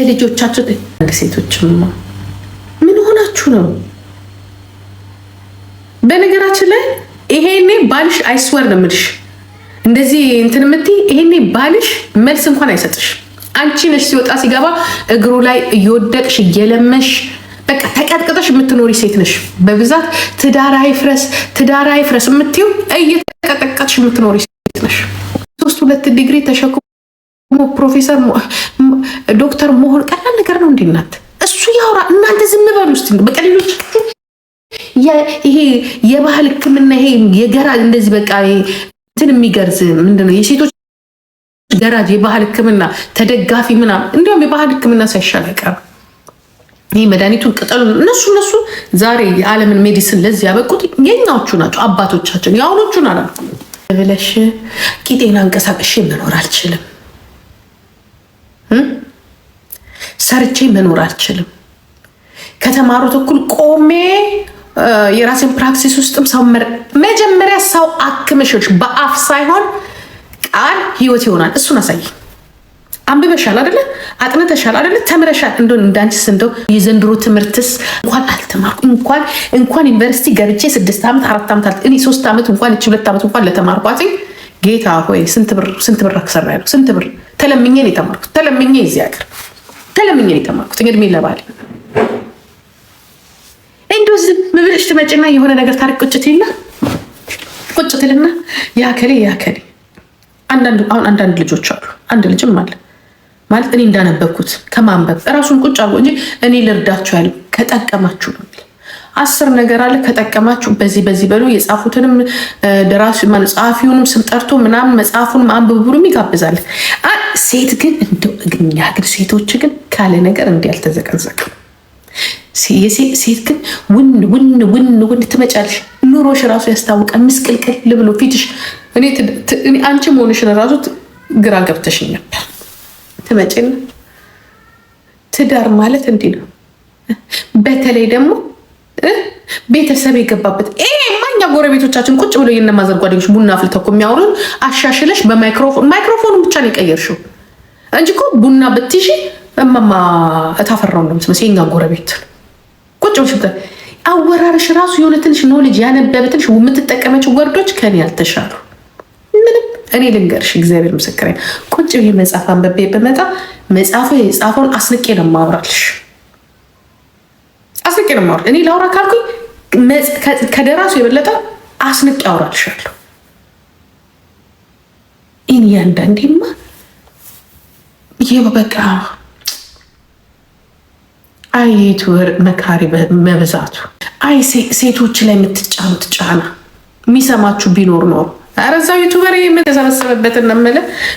የልጆቻቸው ሴቶችማ ምን ሆናችሁ ነው? በነገራችን ላይ ይሄኔ ባልሽ አይስወር ነው የምልሽ እንደዚህ እንትን የምትይ ይሄኔ ባልሽ መልስ እንኳን አይሰጥሽ። አንቺ ነሽ ሲወጣ ሲገባ እግሩ ላይ እየወደቅሽ እየለመሽ በቃ ተቀጥቅጠሽ የምትኖሪ ሴት ነሽ። በብዛት ትዳር አይፍረስ ትዳር አይፍረስ የምትይው እየተቀጠቀጥሽ የምትኖሪ ሴት ነሽ። ሶስት ሁለት ዲግሪ ተሸክሞ ደግሞ ፕሮፌሰር ዶክተር መሆን ቀላል ነገር ነው። እንዲናት እሱ ያውራ፣ እናንተ ዝም በሉ ውስጥ በቃ። ሌሎች ይሄ የባህል ሕክምና ይሄ የገራ እንደዚህ በቃ እንትን የሚገርዝ ምንድነው የሴቶች ገራጅ የባህል ህክምና ተደጋፊ ምናምን፣ እንዲሁም የባህል ህክምና ሳይሻል አይቀርም። ይህ መድኃኒቱን ቅጠሉ እነሱ እነሱ ዛሬ የዓለምን ሜዲሲን ለዚህ ያበቁት የኛዎቹ ናቸው፣ አባቶቻችን። የአሁኖቹን አላልኩም ብለሽ ቂጤን አንቀሳቅሼ መኖር አልችልም ሰርቼ መኖር አልችልም። ከተማሩት እኩል ቆሜ የራሴን ፕራክሲስ ውስጥም ሰው መጀመሪያ ሰው አክምሽች በአፍ ሳይሆን ቃል ህይወት ይሆናል። እሱን አሳይ። አንብበሻል አደለ? አጥንተሻል አደለ? ተምረሻል። እንደ እንዳንቺስ እንደው የዘንድሮ ትምህርትስ እንኳን አልተማርኩ እንኳን እንኳን ዩኒቨርሲቲ ገብቼ ስድስት ዓመት አራት ዓመት እኔ ሶስት ዓመት እንኳን እች ሁለት ዓመት እንኳን ለተማርኳት ጌታ ሆይ ስንት ብር ስንት ብር አክሰራ ያለው ስንት ብር ተለምኜ ነው የተማርኩት። ተለምኜ እዚህ ሀገር ተለምኜ ነው የተማርኩት። እንግዲህ ምን ለባል እንዲሁ ዝም ብለሽ ትመጪና የሆነ ነገር ታሪክ ቁጭት ይላ ቁጭት ይልና ያከሌ ያከሌ አሁን አንዳንድ ልጆች አሉ። አንድ ልጅም አለ ማለት እኔ እንዳነበብኩት ከማንበብ እራሱን ቁጭ አድርጎ እንጂ እኔ ልርዳችሁ ያሉ ከጠቀማችሁ ነው የሚል አስር ነገር አለ። ከጠቀማችሁ በዚህ በዚህ በሉ የጻፉትንም ደራሲ ጸሐፊውንም ስም ጠርቶ ምናምን መጽሐፉን አንብብ ብሎ ይጋብዛል። ሴት ግን እኛ ሴቶች ግን ካለ ነገር እንዲ አልተዘቀዘቅም። ሴት ግን ውን ውን ውን ውን ትመጫለሽ። ኑሮሽ ራሱ ያስታውቃል። ምስቅልቅል ብሎ ፊትሽ አንቺ መሆንሽን ራሱ ግራ ገብተሽኝ ነበር። ትመጪና ትዳር ማለት እንዲህ ነው። በተለይ ደግሞ ቤተሰብ የገባበት ማኛ ጎረቤቶቻችን ቁጭ ብሎ የእነማዘር ጓደኞች ቡና አፍልተው እኮ የሚያወሩን አሻሽለሽ በማይክሮፎን ማይክሮፎኑ ብቻ ነው የቀየርሽው። እንጂ እኮ ቡና ብትሺ እማማ እታፈራው ነው የምትመስለው። የእኛን ጎረቤት ቁጭ ብሽ አወራረሽ ራሱ የሆነ ትንሽ ኖሌጅ ያነበበ ትንሽ የምትጠቀመች ወርዶች ከኔ ያልተሻሉ ምንም። እኔ ልንገርሽ፣ እግዚአብሔር ምስክር፣ ቁጭ ብዬ መጽሐፍ አንበቤ ብመጣ መጽሐፉ የጻፈውን አስንቄ ነው ማውራልሽ፣ አስንቄ ነው የማወራልሽ። እኔ ላውራ ካልኩኝ ከደራሱ የበለጠ አስንቄ አውራልሻለሁ። ይህን እያንዳንዴማ ብዬ በቃ አይ ትወር መካሪ መብዛቱ አይ ሴቶች ላይ የምትጫኑት ጫና የሚሰማችሁ ቢኖር ኖሩ አረዛው ዩቱበር የተሰበሰበበትን ነው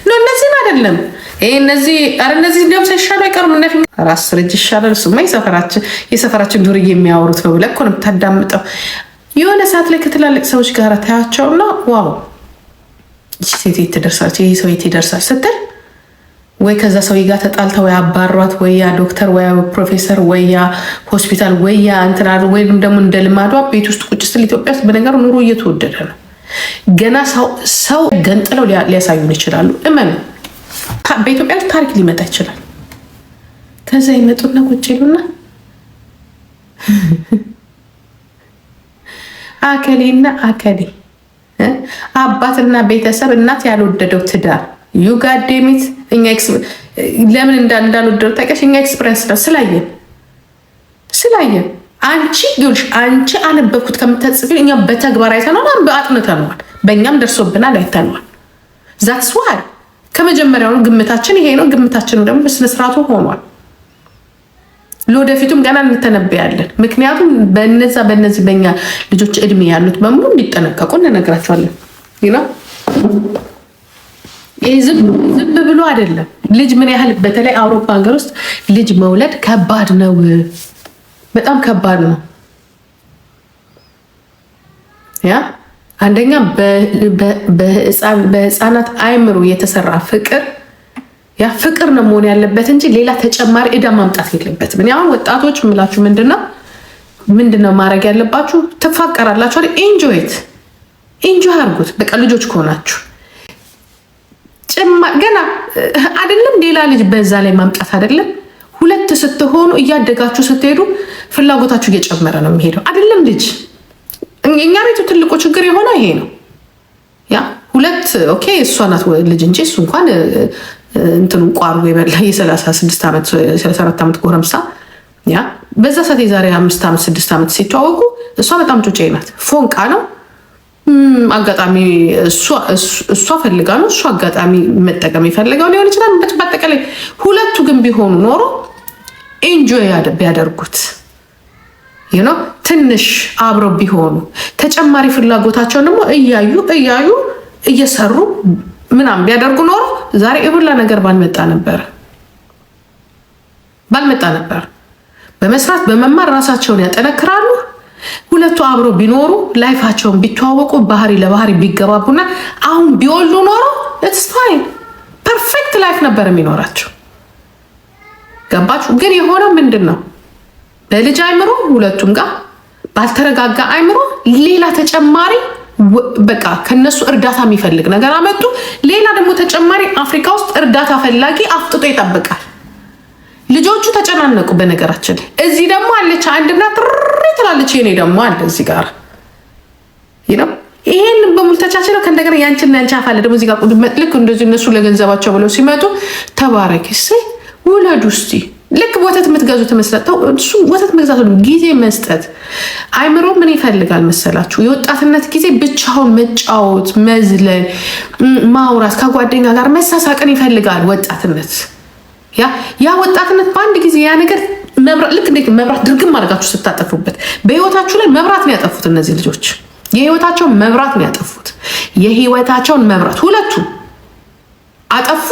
ኖ እነዚህም አይደለም ይህ እነዚህ አረ እነዚህ እንዲሁም ሳይሻሉ አይቀሩም። እነ ኧረ አስር እጅ ይሻላል። እሱማ የሰፈራችን የሰፈራችን ዱር የሚያወሩት ነው ብለህ እኮ ነው የምታዳምጠው። የሆነ ሰዓት ላይ ከትላልቅ ሰዎች ጋር ታያቸውና ዋው ይቺ ሴት የት ትደርሳለች፣ ይህ ሰው የት ይደርሳል ስትል ወይ ከዛ ሰውዬ ጋር ተጣልታ ወይ አባሯት ወያ ዶክተር ወይ ፕሮፌሰር ወያ ሆስፒታል ወያ እንትና ወይም ደግሞ እንደ ልማዷ ቤት ውስጥ ቁጭ ስል ኢትዮጵያ ውስጥ በነገሩ ኑሮ እየተወደደ ነው። ገና ሰው ገንጥለው ሊያሳዩን ይችላሉ። እመኑ፣ በኢትዮጵያ ውስጥ ታሪክ ሊመጣ ይችላል። ከዛ ይመጡና ቁጭ ይሉና አከሌና አከሌ አባትና ቤተሰብ እናት ያልወደደው ትዳር ዩጋዴሚት እኛ ለምን እንዳልወደዱ ታውቂያለሽ? እኛ ኤክስፕሪንስ ነው ስላየን ስላየን አንቺ ይኸውልሽ አንቺ አነበብኩት ከምታጽፊ እኛ በተግባር አይተነዋል፣ አጥንተነዋል፣ በእኛም ደርሶብናል፣ አይተነዋል። ዛትስ ዋይ ከመጀመሪያውኑ ግምታችን ይሄ ነው። ግምታችን ደግሞ በስነስርዓቱ ሆኗል። ለወደፊቱም ገና እንተነብያለን። ምክንያቱም በነዛ በነዚህ በእኛ ልጆች እድሜ ያሉት በሙሉ እንዲጠነቀቁ እንነግራቸዋለን። ይህ ዝም ብሎ አይደለም። ልጅ ምን ያህል በተለይ አውሮፓ ሀገር ውስጥ ልጅ መውለድ ከባድ ነው፣ በጣም ከባድ ነው። ያ አንደኛ በህፃናት አይምሮ የተሰራ ፍቅር ያ ፍቅር ነው መሆን ያለበት እንጂ ሌላ ተጨማሪ እዳ ማምጣት የለበትም። እኔ አሁን ወጣቶች ምላችሁ ምንድነው ምንድነው ማድረግ ያለባችሁ? ትፋቀራላችሁ፣ ኢንጆይት ኢንጆይ አርጉት። በቃ ልጆች ከሆናችሁ ገና አይደለም ሌላ ልጅ በዛ ላይ ማምጣት አይደለም። ሁለት ስትሆኑ እያደጋችሁ ስትሄዱ ፍላጎታችሁ እየጨመረ ነው የሚሄደው። አይደለም ልጅ እኛ ቤቱ ትልቁ ችግር የሆነ ይሄ ነው። ያ ሁለት ኦኬ፣ እሷ ናት ልጅ እንጂ እሱ እንኳን እንትኑ ቋሩ የበላ የ36 ዓመት ዓመት ጎረምሳ ያ በዛ ሰዓት የዛሬ አምስት ዓመት ስድስት ዓመት ሲተዋወቁ እሷ በጣም ጩጬ ናት፣ ፎንቃ ነው አጋጣሚ እሷ ፈልጋ ነው እሱ አጋጣሚ መጠቀም የፈለገው ሊሆን ይችላል። በአጠቃላይ ሁለቱ ግን ቢሆኑ ኖሮ ኤንጆይ ቢያደርጉት ነው ትንሽ አብረው ቢሆኑ ተጨማሪ ፍላጎታቸውን ደግሞ እያዩ እያዩ እየሰሩ ምናምን ቢያደርጉ ኖሮ ዛሬ የሁላ ነገር ባልመጣ ነበር ባልመጣ ነበር። በመስራት በመማር ራሳቸውን ያጠነክራሉ። ሁለቱ አብሮ ቢኖሩ ላይፋቸውን ቢተዋወቁ ባህሪ ለባህሪ ቢገባቡና አሁን ቢወሉ ኖሮ ለትስፋይን ፐርፌክት ላይፍ ነበር የሚኖራቸው። ገባችሁ? ግን የሆነው ምንድን ነው? በልጅ አይምሮ ሁለቱም ጋር ባልተረጋጋ አይምሮ ሌላ ተጨማሪ በቃ ከነሱ እርዳታ የሚፈልግ ነገር አመጡ። ሌላ ደግሞ ተጨማሪ አፍሪካ ውስጥ እርዳታ ፈላጊ አፍጥጦ ይጠብቃል። ልጆቹ ተጨናነቁ። በነገራችን እዚህ ደግሞ አለች አንድ እናት ር ትላለች። የኔ ደግሞ አለ እዚህ ጋር ይነው ይሄን በሙሉ ተቻችለው ከእንደገና ያንቺና ያንቺ አፋለ ደግሞ እዚህ ጋር ልክ እንደዚህ እነሱ ለገንዘባቸው ብለው ሲመጡ ተባረክ ስይ ውለዱ ስቲ ልክ ወተት የምትገዙ ተመስለጠው እሱ ወተት መግዛት ጊዜ መስጠት። አይምሮ ምን ይፈልጋል መሰላችሁ? የወጣትነት ጊዜ ብቻውን መጫወት፣ መዝለል፣ ማውራት፣ ከጓደኛ ጋር መሳሳቅን ይፈልጋል ወጣትነት ያ ያ ወጣትነት በአንድ ጊዜ ያ ነገር ልክ እንዴት መብራት ድርግም አድርጋችሁ ስታጠፉበት በህይወታችሁ ላይ መብራት ነው ያጠፉት እነዚህ ልጆች የህይወታቸውን መብራት ነው ያጠፉት። የህይወታቸውን መብራት ሁለቱ አጠፉ።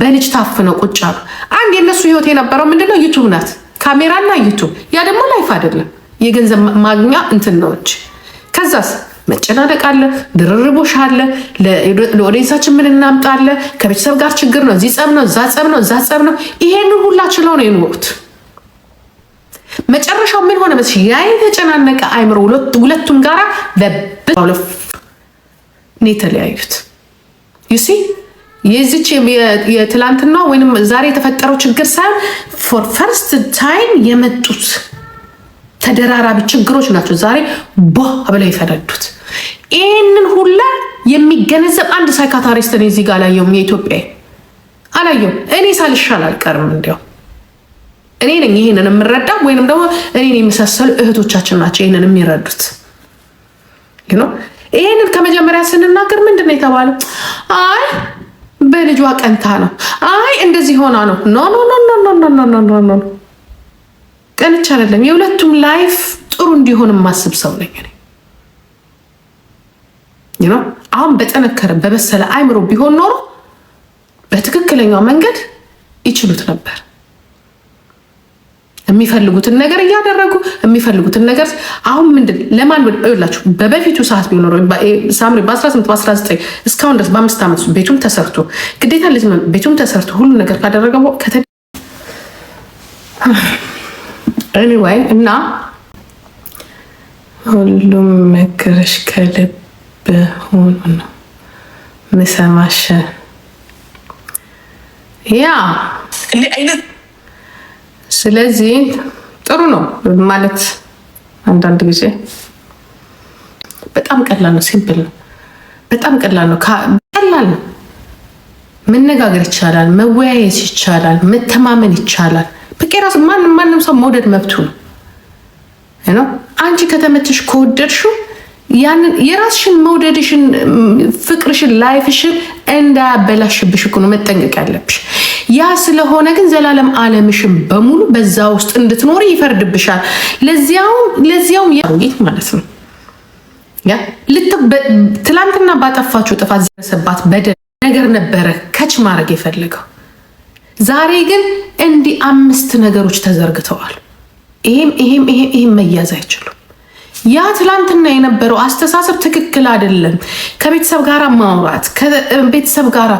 በልጅ ታፍነው ቁጭ አሉ። አንድ የእነሱ ህይወት የነበረው ምንድነው? ዩቱብ ናት፣ ካሜራና ዩቱብ። ያ ደግሞ ላይፍ አይደለም፣ የገንዘብ ማግኛ እንትን ነው እንጂ ከዛስ መጨናነቅ አለ፣ ድርርቦሽ አለ፣ ለኦዲንሳችን ምን እናምጣለ፣ ከቤተሰብ ጋር ችግር ነው፣ እዚህ ጸብ ነው፣ እዛ ጸብ ነው፣ እዛ ጸብ ነው። ይሄን ሁላ ችለው ነው የኖሩት። መጨረሻው ምን ሆነ መስ ያ የተጨናነቀ አይምሮ ሁለቱም በብለፍ ነው የተለያዩት። ዩሲ የዚች የትላንትና ወይም ዛሬ የተፈጠረው ችግር ሳይሆን ፎር ፈርስት ታይም የመጡት ተደራራቢ ችግሮች ናቸው ዛሬ ቦ ብለው የፈረዱት። ይህንን ሁላ የሚገነዘብ አንድ ሳይካታሪስት እኔ እዚህ ጋር አላየውም። የኢትዮጵያ አላየውም። እኔ ሳልሻል አልቀርም። እንዲያው እኔ ነኝ ይህንን የምረዳ ወይንም ደግሞ እኔን የመሳሰሉ እህቶቻችን ናቸው ይህንን የሚረዱት። ይህንን ከመጀመሪያ ስንናገር ምንድን ነው የተባለው? አይ በልጇ ቀንታ ነው፣ አይ እንደዚህ ሆና ነው። ኖ ኖ ኖ ቀንቻ አይደለም። የሁለቱም ላይፍ ጥሩ እንዲሆን የማስብ ሰው ነኝ። አሁን በጠነከረ በበሰለ አይምሮ ቢሆን ኖሮ በትክክለኛው መንገድ ይችሉት ነበር። የሚፈልጉትን ነገር እያደረጉ የሚፈልጉትን ነገር አሁን ምንድን ለማን ላችሁ በበፊቱ ሰዓት ቢኖረ ሳምሪ በ18 በ19 እስካሁን ድረስ በአምስት ዓመት ቤቱም ተሰርቶ ግዴታ ልጅ ቤቱም ተሰርቶ ሁሉ ነገር ካደረገ ኤኒዌይ እና ሁሉም መክረሽ ከልብ በሆኑ ነው ምሰማሽ። ያ ስለዚህ ጥሩ ነው ማለት አንዳንድ ጊዜ በጣም ቀላል ነው። ሲምፕል ነው። በጣም ቀላል ነው። ቀላል ነው። መነጋገር ይቻላል። መወያየት ይቻላል። መተማመን ይቻላል። በቃ ራሱ ማንም ማንም ሰው መውደድ መብቱ ነው ነው አንቺ ከተመቸሽ ከወደድሽው ያንን የራስሽን መውደድሽን ፍቅርሽን ላይፍሽን እንዳያበላሽብሽ እኮ ነው መጠንቀቅ ያለብሽ። ያ ስለሆነ ግን ዘላለም ዓለምሽን በሙሉ በዛ ውስጥ እንድትኖር ይፈርድብሻል። ለዚያውም ያጌት ማለት ነው ትላንትና ባጠፋችሁ ጥፋት ዘረሰባት በደል ነገር ነበረ ከች ማድረግ የፈለገው ዛሬ ግን እንዲህ አምስት ነገሮች ተዘርግተዋል። ይሄም ይሄም ይሄም መያዝ አይችሉም። ያ ትላንትና የነበረው አስተሳሰብ ትክክል አይደለም። ከቤተሰብ ጋር ማውራት፣ ከቤተሰብ ጋር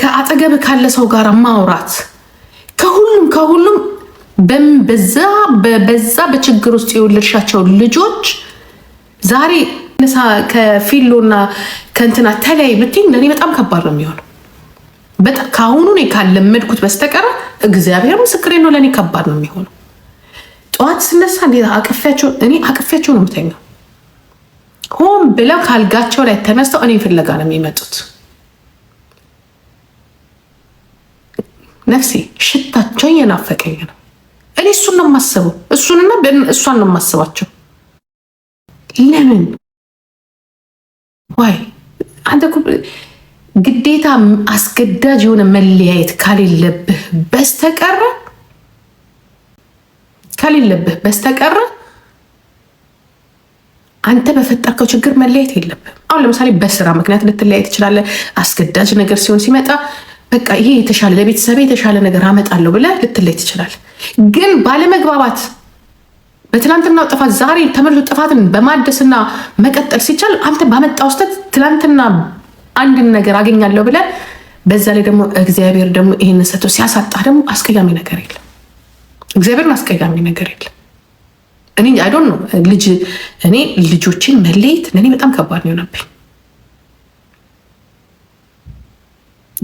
ከአጠገብ ካለ ሰው ጋር ማውራት፣ ከሁሉም ከሁሉም በዛ በዛ በችግር ውስጥ የወለድሻቸው ልጆች ዛሬ ነሳ ከፊሎና ከእንትና ተለያይ ብትይ ለእኔ በጣም ከባድ ነው የሚሆነው። ከአሁኑ እኔ ካለመድኩት በስተቀረ እግዚአብሔር ምስክሬ ነው፣ ለእኔ ከባድ ነው የሚሆነው። ጠዋት ስነሳ እንዴት አቅፌያቸው እኔ አቅፌያቸው ነው የምተኛው። ሆን ብለው ካልጋቸው ላይ ተነስተው እኔ ፍለጋ ነው የሚመጡት። ነፍሴ ሽታቸው እየናፈቀኝ ነው። እኔ እሱን ነው የማስበው፣ እሱንና እሷን ነው የማስባቸው። ለምን ዋይ አንተ ግዴታ አስገዳጅ የሆነ መለያየት ካሌለብህ በስተቀረ ከሌለብህ በስተቀር አንተ በፈጠርከው ችግር መለየት የለብህም። አሁን ለምሳሌ በስራ ምክንያት ልትለያይ ትችላለህ። አስገዳጅ ነገር ሲሆን ሲመጣ በቃ ይሄ የተሻለ ለቤተሰብ የተሻለ ነገር አመጣለሁ ብለህ ልትለይ ትችላለህ። ግን ባለመግባባት በትናንትናው ጥፋት ዛሬ ተመልሶ ጥፋትን በማደስና መቀጠል ሲቻል አንተ ባመጣው ስህተት ትናንትና አንድን ነገር አገኛለሁ ብለህ በዛ ላይ ደግሞ እግዚአብሔር ደግሞ ይህን ሰጥቶ ሲያሳጣ ደግሞ አስቀያሚ ነገር የለም። እግዚአብሔር ማስቀያሚ ነገር የለም። እኔ ዶንት ነው ልጅ እኔ ልጆችን መለየት ለእኔ በጣም ከባድ ነው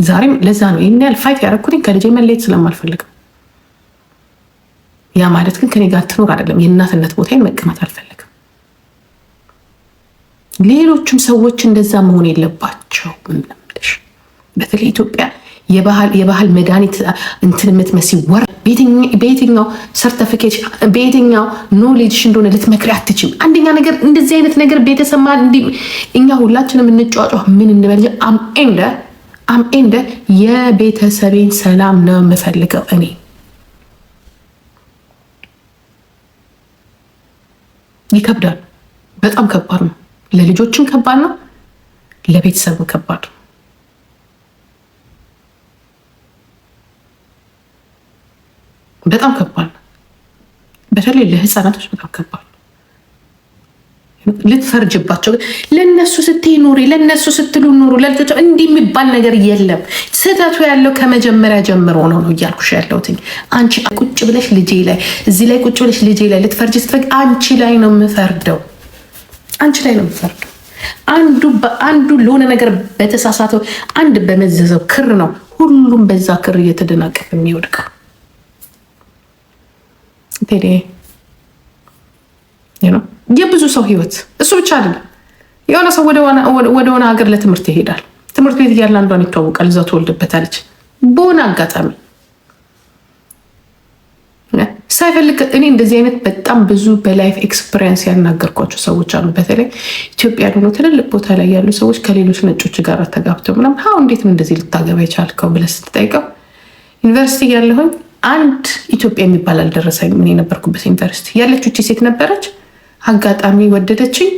ዛሬም ለዛ ነው ይህን ያህል ፋይት ያደረኩትኝ ከልጅ መለየት ስለማልፈልግም። ያ ማለት ግን ከኔ ጋር ትኖር አይደለም። የእናትነት ቦታዬን መቀመጥ አልፈልግም። ሌሎችም ሰዎች እንደዛ መሆን ምንለምልሽ በተለይ ኢትዮጵያ የባህል መድኃኒት እንትን የምትመስ ወር በየትኛው ሰርተፊኬት በየትኛው ኖሌጅሽ እንደሆነ ልትመክሪ አትችም። አንደኛ ነገር እንደዚህ አይነት ነገር ቤተሰማ እኛ ሁላችንም እንጫጫ ምን እንበል አምኤንደ አምኤንደ የቤተሰቤን ሰላም ነው የምፈልገው እኔ ይከብዳል። በጣም ከባድ ነው። ለልጆችም ከባድ ነው። ለቤተሰብም ከባድ ነው። በጣም ከባድ ነው። በተለይ ለህፃናቶች በጣም ከባድ ልትፈርጅባቸው ለነሱ ስትይ ኑሪ፣ ለነሱ ስትሉ ኑሩ፣ ለልጆች እንዲህ የሚባል ነገር የለም። ስህተቱ ያለው ከመጀመሪያ ጀምሮ ነው ነው እያልኩሽ ያለሁትኝ። አንቺ ቁጭ ብለሽ ልጄ ላይ እዚህ ላይ ቁጭ ብለሽ ልጄ ላይ ልትፈርጅ ስትፈርጅ አንቺ ላይ ነው የምፈርደው፣ አንቺ ላይ ነው የምፈርደው። አንዱ በአንዱ ለሆነ ነገር በተሳሳተው አንድ በመዘዘው ክር ነው ሁሉም በዛ ክር እየተደናቀፍ የሚወድቀው። ቴዲ የብዙ ሰው ህይወት እሱ ብቻ አይደለም። የሆነ ሰው ወደ ሆነ ሀገር ለትምህርት ይሄዳል። ትምህርት ቤት እያለ አንዷን ይተዋወቃል። እዛው ትወልድበታለች። በሆነ አጋጣሚ ሳይፈልግ እኔ እንደዚህ አይነት በጣም ብዙ በላይፍ ኤክስፐሪንስ ያናገርኳቸው ሰዎች አሉ። በተለይ ኢትዮጵያ ደግሞ ትልልቅ ቦታ ላይ ያሉ ሰዎች ከሌሎች ነጮች ጋር ተጋብተው ምናምን ሀ እንዴት ነው እንደዚህ ልታገባ የቻልከው ብለህ ስትጠይቀው ዩኒቨርሲቲ ያለሁኝ አንድ ኢትዮጵያ የሚባል አልደረሰኝ። ምን የነበርኩበት ዩኒቨርሲቲ ያለች ውቺ ሴት ነበረች። አጋጣሚ ወደደችኝ፣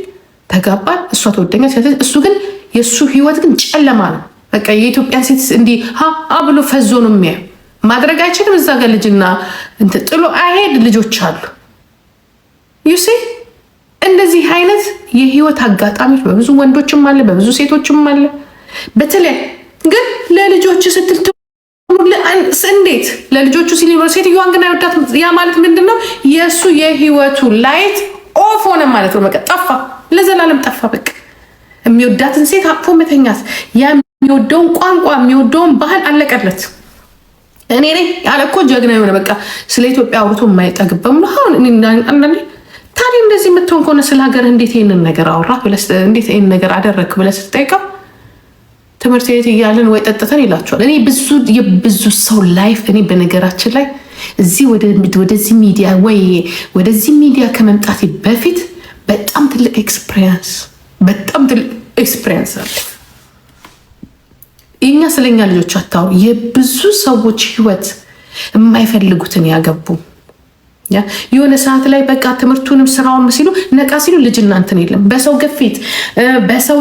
ተጋባን። እሷ ተወደኛ ሲያተች፣ እሱ ግን የእሱ ህይወት ግን ጨለማ ነው። በቃ የኢትዮጵያ ሴት እንዲህ ሀ ብሎ ፈዞ ነው የሚያዩ። ማድረግ አይችልም። እዛ ጋር ልጅና ጥሎ አይሄድ ልጆች አሉ። ዩሴ እንደዚህ አይነት የህይወት አጋጣሚዎች በብዙ ወንዶችም አለ፣ በብዙ ሴቶችም አለ። በተለይ ግን ለልጆች ስትል እንዴት ለልጆቹ ሲል ዩኒቨርሲቲ ሴትዮዋን ግን አይወዳት። ያ ማለት ምንድን ነው? የእሱ የህይወቱ ላይት ኦፍ ሆነ ማለት ነው። በቃ ጠፋ፣ ለዘላለም ጠፋ። በቃ የሚወዳትን ሴት አቅፎ መተኛት፣ የሚወደውን ቋንቋ፣ የሚወደውን ባህል አለቀለት። እኔ ነኝ ያለ እኮ ጀግና የሆነ በቃ ስለ ኢትዮጵያ አውርቶ የማይጠግበም በሙሉ አሁን አንዳንዴ ታዲያ እንደዚህ የምትሆን ከሆነ ስለ ሀገር እንዴት ይህንን ነገር አወራ፣ እንዴት ይህን ነገር አደረግ ብለህ ስትጠይቀው ትምህርት ቤት እያለን ወይ ጠጥተን ይላቸዋል። እኔ ብዙ የብዙ ሰው ላይፍ እኔ በነገራችን ላይ እዚህ ወደዚህ ሚዲያ ወይ ወደዚህ ሚዲያ ከመምጣት በፊት በጣም ትልቅ ኤክስፒሪየንስ በጣም ትልቅ ኤክስፒሪየንስ አለ። የእኛ ስለኛ ልጆች አታው የብዙ ሰዎች ህይወት የማይፈልጉትን ያገቡ የሆነ ሰዓት ላይ በቃ ትምህርቱንም ስራውን ሲሉ ነቃ ሲሉ ልጅ እናንትን የለም። በሰው ግፊት፣ በሰው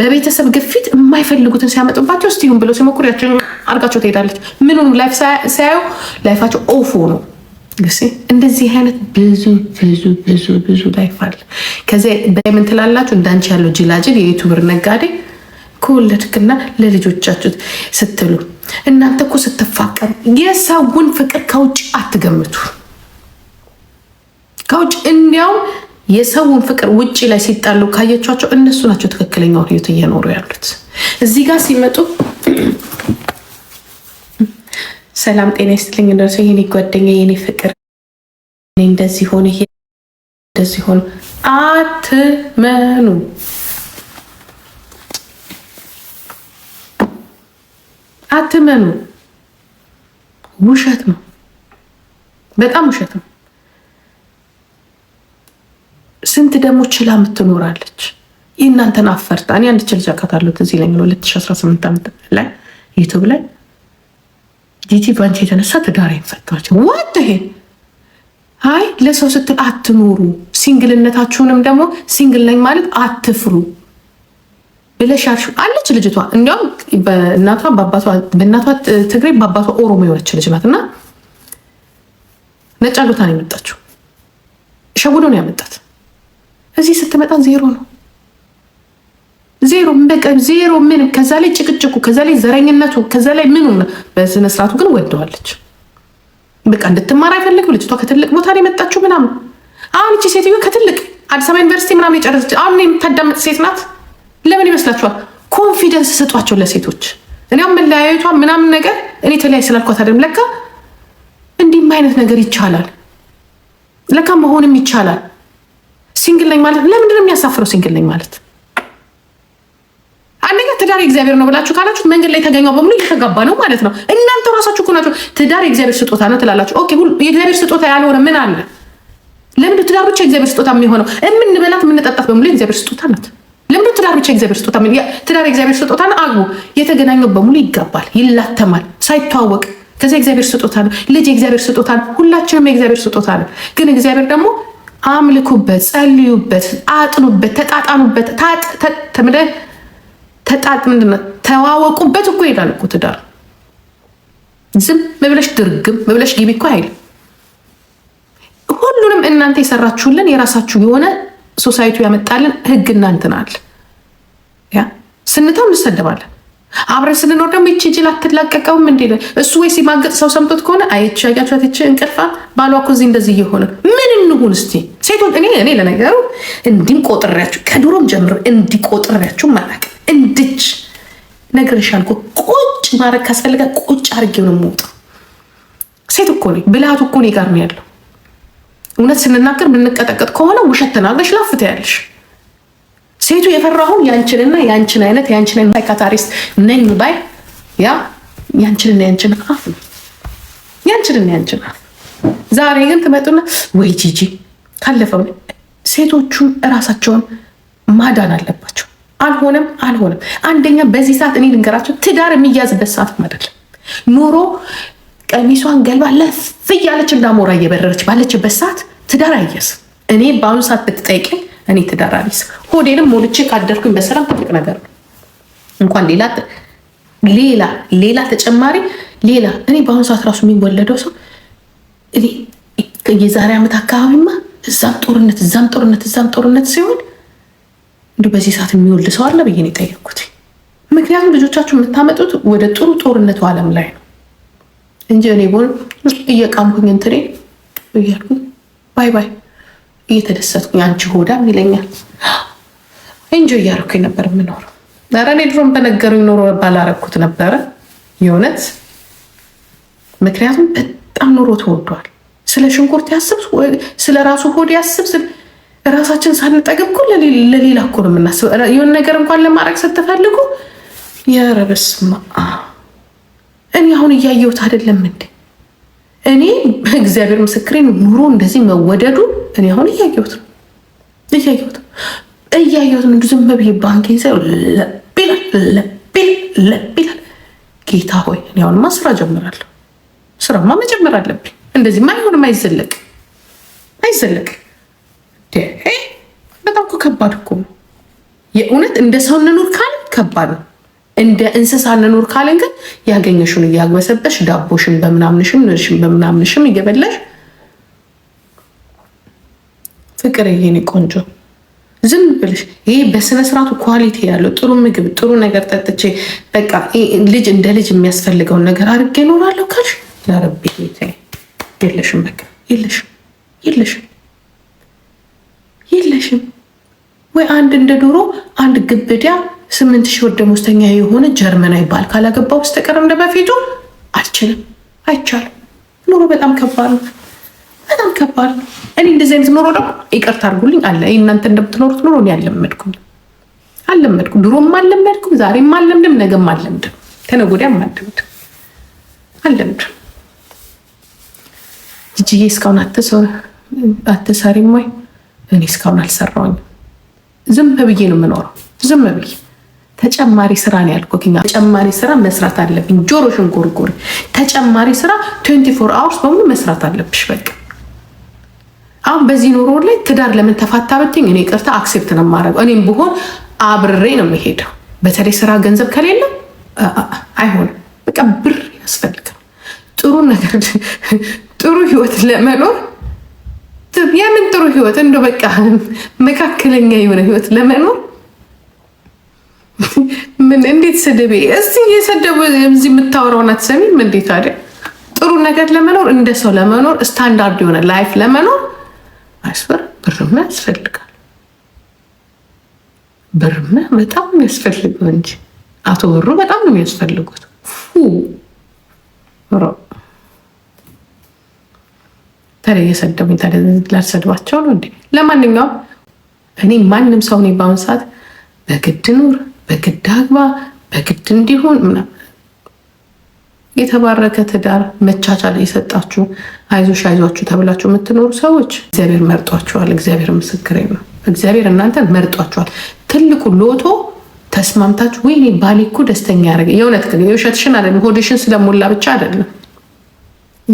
በቤተሰብ ግፊት የማይፈልጉትን ሲያመጡባቸው እስቲሁም ብለው ሲሞክሩ ያችን አድርጋቸው ትሄዳለች። ምንም ላይፍ ሳያዩ ላይፋቸው ኦፍ ነው። እንደዚህ አይነት ብዙ ብዙ ብዙ ብዙ ላይፍ አለ። ከዚያ በምን ትላላችሁ? እንዳንቺ ያለው ጅላጅል የዩቱብር ነጋዴ ከወለድክና ለልጆቻችሁ ስትሉ እናንተ እኮ ስትፋቀሩ የሰውን ፍቅር ከውጭ አትገምቱ። ከውጭ እንዲያውም የሰውን ፍቅር ውጭ ላይ ሲጣሉ ካየቻቸው እነሱ ናቸው ትክክለኛውን ህይወት እየኖሩ ያሉት። እዚህ ጋር ሲመጡ ሰላም ጤና ይስጥልኝ እንደርሰው የኔ ጓደኛ የኔ ፍቅር እንደዚህ ሆነ እንደዚህ ሆነ አትመኑ። አትመኑ። ውሸት ነው፣ በጣም ውሸት ነው። ስንት ደግሞ ችላ የምትኖራለች። የእናንተን አፈርታ እኔ አንድ ችል አውቃታለሁ። እዚህ ላይ 2018 ዓመት ላይ ዩቱብ ላይ ጂቲ ባንቺ የተነሳ ትዳር ፈታቸው ወደ ይሄ አይ ለሰው ስትል አትኖሩ። ሲንግልነታችሁንም ደግሞ ሲንግል ነኝ ማለት አትፍሩ። ብለሻሽ አለች ልጅቷ። እንዲያውም በእናቷ በእናቷ ትግሬ በአባቷ ኦሮሞ የሆነች ልጅ ናት እና ነጭ አግብታ ነው የመጣችው። ሸውዶ ነው ያመጣት። እዚህ ስትመጣ ዜሮ ነው ዜሮ በቃ ዜሮ ምን። ከዛ ላይ ጭቅጭቁ፣ ከዛ ላይ ዘረኝነቱ፣ ከዛ ላይ ምኑ። በስነስርዓቱ ግን ወደዋለች። በቃ እንድትማር አይፈልግም። ልጅቷ ከትልቅ ቦታ ነው የመጣችው ምናምን። አሁን እቺ ሴትዮ ከትልቅ አዲስ አበባ ዩኒቨርሲቲ ምናምን የጨረሰች አሁን የምታዳምጥ ሴት ናት። ለምን ይመስላችኋል? ኮንፊደንስ ስጧቸው ለሴቶች። እኔም መለያየቷ ምናምን ነገር እኔ ተለያይ ስላልኳት አይደለም። ለካ እንዲህም አይነት ነገር ይቻላል፣ ለካ መሆንም ይቻላል። ሲንግል ነኝ ማለት ለምንድን ነው የሚያሳፍረው? ሲንግል ነኝ ማለት አንደኛ ትዳር እግዚአብሔር ነው ብላችሁ ካላችሁ መንገድ ላይ የተገኘው በሙሉ እየተጋባ ነው ማለት ነው። እናንተ ራሳችሁ እኮ ናችሁ ትዳር የእግዚአብሔር ስጦታ ነው ትላላችሁ። ኦኬ የእግዚአብሔር ስጦታ ያልሆነ ምን አለ? ለምንድን ትዳር ብቻ የእግዚአብሔር ስጦታ የሚሆነው? የምንበላት የምንጠጣት በሙሉ የእግዚአብሔር ስጦታ ናት። ትዳር ብቻ እግዚአብሔር ስጦታ ትዳር እግዚአብሔር ስጦታን አግቡ። የተገናኘው በሙሉ ይጋባል፣ ይላተማል ሳይተዋወቅ ከዚያ እግዚአብሔር ስጦታ ነው። ልጅ የእግዚአብሔር ስጦታ ነው። ሁላችንም የእግዚአብሔር ስጦታ ነው። ግን እግዚአብሔር ደግሞ አምልኩበት፣ ጸልዩበት፣ አጥኑበት፣ ተጣጣኑበት፣ ተምደ ተጣጥ ምንድን ነው ተዋወቁበት እኮ ይላል እኮ ትዳር። ዝም መብለሽ ድርግም መብለሽ ግቢ እኮ አይል ሁሉንም እናንተ የሰራችሁልን የራሳችሁ የሆነ ሶሳይቲው ያመጣልን ህግና እንትን ስንተው እንሰደባለን። አብረ ስንኖር ደግሞ ይቺ ጅል አትላቀቀውም እንዴ? እሱ ወይ ሲማገጥ ሰው ሰምቶት ከሆነ አየቻጋቸት ይቺ እንቅልፋ ባሏ እኮ እዚህ እንደዚህ እየሆነ ምን እንሁን እስቲ ሴቶች። እኔ እኔ ለነገሩ እንዲም ቆጥሬያችሁ ከድሮም ጀምሮ እንዲቆጥሬያችሁ ማላቅ እንድች ነግሬሻል እኮ ቁጭ ማድረግ ካስፈልጋ ቁጭ አድርጌው ነው የምወጣው። ሴት እኮ ነኝ ብልሃት እኮ እኔ ጋር ነው ያለው። እውነት ስንናገር ምንቀጠቀጥ ከሆነ ውሸት ተናግረሽ ላፍታ ያለሽ ሴቱ የፈራሁን ያንችንና ያንችን አይነት ያንችን አይነት ሳይካታሪስት ነኝ ባይ ያ ያንችንና ያንችን አፍ ነው። ያንችንና ያንችን አፍ። ዛሬ ግን ትመጡና ወይ ጂጂ ካለፈው። ሴቶቹ እራሳቸውን ማዳን አለባቸው። አልሆነም አልሆነም። አንደኛ በዚህ ሰዓት እኔ ልንገራቸው፣ ትዳር የሚያዝበት ሰዓት አይደለም። ኑሮ ቀሚሷን ገልባ ለፍ እያለች እንዳሞራ እየበረረች ባለችበት ሰዓት ትዳር አያዝም። እኔ በአሁኑ ሰዓት ብትጠይቀኝ እኔ ትዳር ቢስ ሆዴንም ሞልቼ ካደርኩኝ በሰላም ትልቅ ነገር ነው። እንኳን ሌላ ሌላ ሌላ ተጨማሪ ሌላ እኔ በአሁኑ ሰዓት ራሱ የሚወለደው ሰው እኔ የዛሬ ዓመት አካባቢማ እዛም ጦርነት እዛም ጦርነት እዛም ጦርነት ሲሆን እንዲ በዚህ ሰዓት የሚወልድ ሰው አለ ብዬ ነው የጠየኩት። ምክንያቱም ልጆቻችሁ የምታመጡት ወደ ጥሩ ጦርነቱ ዓለም ላይ ነው እንጂ እኔ ቦን እየቃምኩኝ እንትኔ እያልኩኝ ባይ ባይ እየተደሰትኩኝ አንቺ ሆዳም ይለኛል። እንጆ እያደረኩኝ ነበር የምኖረው። ኧረ እኔ ድሮም በነገሩኝ ኖሮ ባላረግኩት ነበረ የእውነት ምክንያቱም በጣም ኑሮ ተወዷል። ስለ ሽንኩርት ያስብ፣ ስለ ራሱ ሆድ ያስብ። ራሳችን ሳንጠግብ እኮ ለሌላ እኮ ነው የምናስብ። የሆነ ነገር እንኳን ለማድረግ ስትፈልጉ የረበስማ እኔ አሁን እያየሁት አይደለም እንዴ እኔ በእግዚአብሔር ምስክሬን ኑሮ እንደዚህ መወደዱ እኔ አሁን እያየሁት ነው እያየሁት እያየሁት ነው። ዝም ብዬ ባንኬን ሳይ ለቢላል ለቢል ለቢላል። ጌታ ሆይ እኔ አሁንማ ስራ ጀምራለሁ። ስራማ መጀመር አለብኝ። እንደዚህማ አይሆንም። አይዘለቅ አይዘለቅ። በጣም ከባድ እኮ ነው የእውነት። እንደ ሰው እንኑር ካል ከባድ ነው። እንደ እንስሳ እንኖር ካለን ግን ያገኘሽን እያግበሰበሽ ዳቦሽን በምናምንሽም ንርሽን በምናምንሽም እየበላሽ ፍቅር ይሄን ቆንጆ ዝም ብልሽ ይሄ በስነስርዓቱ ኳሊቲ ያለው ጥሩ ምግብ ጥሩ ነገር ጠጥቼ በቃ ልጅ እንደ ልጅ የሚያስፈልገውን ነገር አድርጌ እኖራለሁ ካልሽ ያረቢ የለሽም በቃ የለሽም የለሽም የለሽም ወይ አንድ እንደ ዶሮ አንድ ግብዳ ስምንት ሺህ ወር ደሞዝተኛ የሆነ ጀርመናዊ ባል ካላገባ በስተቀር እንደ በፊቱ አልችልም፣ አይቻልም። ኑሮ በጣም ከባድ ነው፣ በጣም ከባድ ነው። እኔ እንደዚህ አይነት ኑሮ ደግሞ ይቅርታ አድርጉልኝ አለ እናንተ እንደምትኖሩት ኑሮ እኔ አለመድኩም አልለመድኩም፣ ድሮም አልለመድኩም፣ ዛሬም አለምድም ነገም አልለምድም፣ ከነገ ወዲያም አልለምድም፣ አልለምድም። ጅጅዬ እስካሁን አትሰሪም ወይ? እኔ እስካሁን አልሰራሁኝም። ዝም ብዬ ነው የምኖረው፣ ዝም ብዬ ተጨማሪ ስራ ነው ያልኩት። ተጨማሪ ስራ መስራት አለብኝ። ጆሮሽን ሽንጎርጎር ተጨማሪ ስራ 24 አወርስ በሙሉ መስራት አለብሽ። በቃ አሁን በዚህ ኑሮ ላይ ትዳር ለምን ተፋታ ብትይኝ፣ እኔ ቅርታ አክሴፕት ነው የማደርገው። እኔም ብሆን አብሬ ነው የሚሄደው በተለይ ስራ ገንዘብ ከሌለ አይሆንም። በቃ ብር ያስፈልጋል። ጥሩ ነገር ጥሩ ህይወት ለመኖር የምን ጥሩ ህይወት እንደ በቃ መካከለኛ የሆነ ህይወት ለመኖር ምን እንዴት ስድቤ እስቲ የሰደቡ እዚህ የምታወራውን አትሰሚም እንዴ ታዲያ? ጥሩ ነገር ለመኖር እንደ ሰው ለመኖር ስታንዳርድ የሆነ ላይፍ ለመኖር አስበር ብርማ ያስፈልጋል። ብርማ በጣም የሚያስፈልገው እንጂ አቶ ብሩ በጣም ነው የሚያስፈልጉት። ታዲያ እየሰደቡኝ ታዲያ ላልሰድባቸው ነው እንዴ? ለማንኛውም እኔ ማንም ሰው እኔ በአሁን ሰዓት በግድ ኑር በግድ አግባ፣ በግድ እንዲሆን ምናምን የተባረከ ትዳር መቻቻል የሰጣችሁ አይዞሽ አይዟችሁ ተብላችሁ የምትኖሩ ሰዎች እግዚአብሔር መርጧችኋል። እግዚአብሔር ምስክሬ ነው። እግዚአብሔር እናንተን መርጧችኋል። ትልቁ ሎቶ ተስማምታችሁ ወይ ባሌ እኮ ደስተኛ ያደረገ የእውነት የውሸትሽን አይደለም። ሆድሽን ስለሞላ ብቻ አይደለም።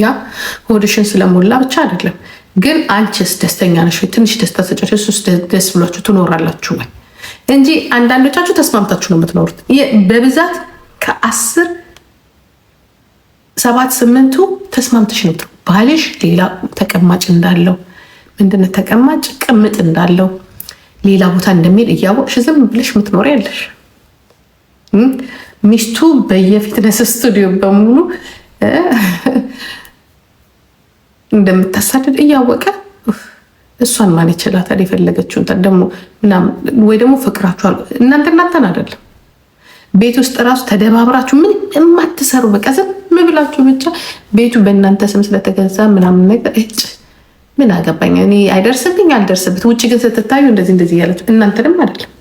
ያ ሆድሽን ስለሞላ ብቻ አይደለም። ግን አንቺስ ደስተኛ ነሽ? ትንሽ ደስታ ሰጫች፣ ደስ ብሏችሁ ትኖራላችሁ ወይ? እንጂ አንዳንዶቻችሁ ተስማምታችሁ ነው የምትኖሩት። በብዛት ከአስር ሰባት ስምንቱ ተስማምተሽ ነው ባልሽ ሌላ ተቀማጭ እንዳለው ምንድን ተቀማጭ ቅምጥ እንዳለው ሌላ ቦታ እንደሚል እያወቅሽ ዝም ብለሽ ምትኖሪ ያለሽ ሚስቱ በየፊትነስ ስቱዲዮ በሙሉ እንደምታሳድድ እያወቀ እሷን ማን ይችላታል? የፈለገችውን ደግሞ ወይ ደግሞ ፍቅራችኋል እናንተ እናንተን አይደለም ቤት ውስጥ እራሱ ተደባብራችሁ ምን የማትሰሩ በቃ ዝም ብላችሁ ብቻ ቤቱ በእናንተ ስም ስለተገዛ ምናምን ነገር እጭ ምን አገባኝ እኔ አይደርስብኝ አልደርስበት። ውጭ ግን ስትታዩ እንደዚህ እንደዚህ እያላችሁ እናንተንም አይደለም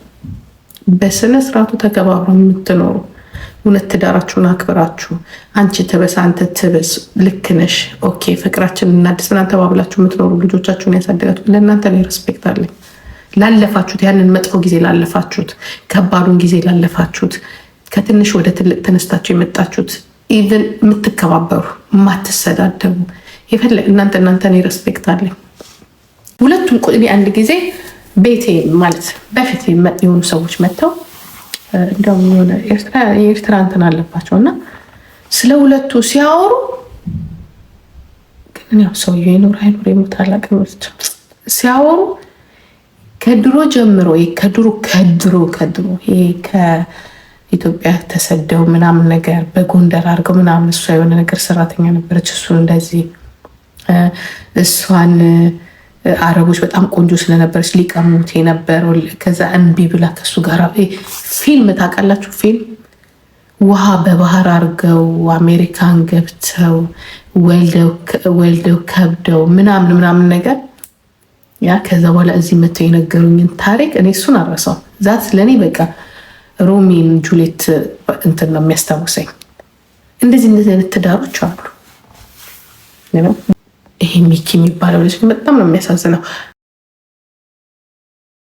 በስነ ስርዓቱ ተከባብሮ የምትኖሩ እውነት ትዳራችሁን አክብራችሁ አንቺ ትበስ አንተ ትብስ ልክ ነሽ ኦኬ ፍቅራችን እናድስ ምናምን ተባብላችሁ የምትኖሩ ልጆቻችሁን ያሳደጋችሁ ለእናንተ ላይ ሬስፔክት አለኝ። ላለፋችሁት ያንን መጥፎ ጊዜ ላለፋችሁት፣ ከባዱን ጊዜ ላለፋችሁት፣ ከትንሽ ወደ ትልቅ ተነስታችሁ የመጣችሁት ኢቨን የምትከባበሩ የማትሰዳደቡ የፈለ እናንተ እናንተን ሬስፔክት አለኝ። ሁለቱም ቁጥቢ አንድ ጊዜ ቤቴ ማለት በፊት የሆኑ ሰዎች መጥተው እንደውም የሆነ የኤርትራ እንትን አለባቸው እና ስለ ሁለቱ ሲያወሩ ግን ያው ሰውዬው ይኖር አይኖር የምታላቅ ሲያወሩ ከድሮ ጀምሮ ከድሮ ከድሮ ከድሮ ይሄ ከኢትዮጵያ ተሰደው ምናምን ነገር በጎንደር አድርገው ምናምን እሷ የሆነ ነገር ሰራተኛ ነበረች። እሱ እንደዚህ እሷን አረቦች በጣም ቆንጆ ስለነበረች ሊቀሙት የነበረው ከዛ እምቢ ብላ ከሱ ጋር ፊልም ታውቃላችሁ፣ ፊልም ውሃ በባህር አድርገው አሜሪካን ገብተው ወልደው ከብደው ምናምን ምናምን ነገር ያ ከዛ በኋላ እዚህ መጥተው የነገሩኝን ታሪክ እኔ እሱን አረሰው ዛት ለእኔ በቃ ሮሚን ጁሌት እንትን ነው የሚያስታውሰኝ። እንደዚህ እንደዚህ አይነት ትዳሮች አሉ። ይሄ ሚኪ የሚባለው ልጅ ግን በጣም ነው የሚያሳዝነው።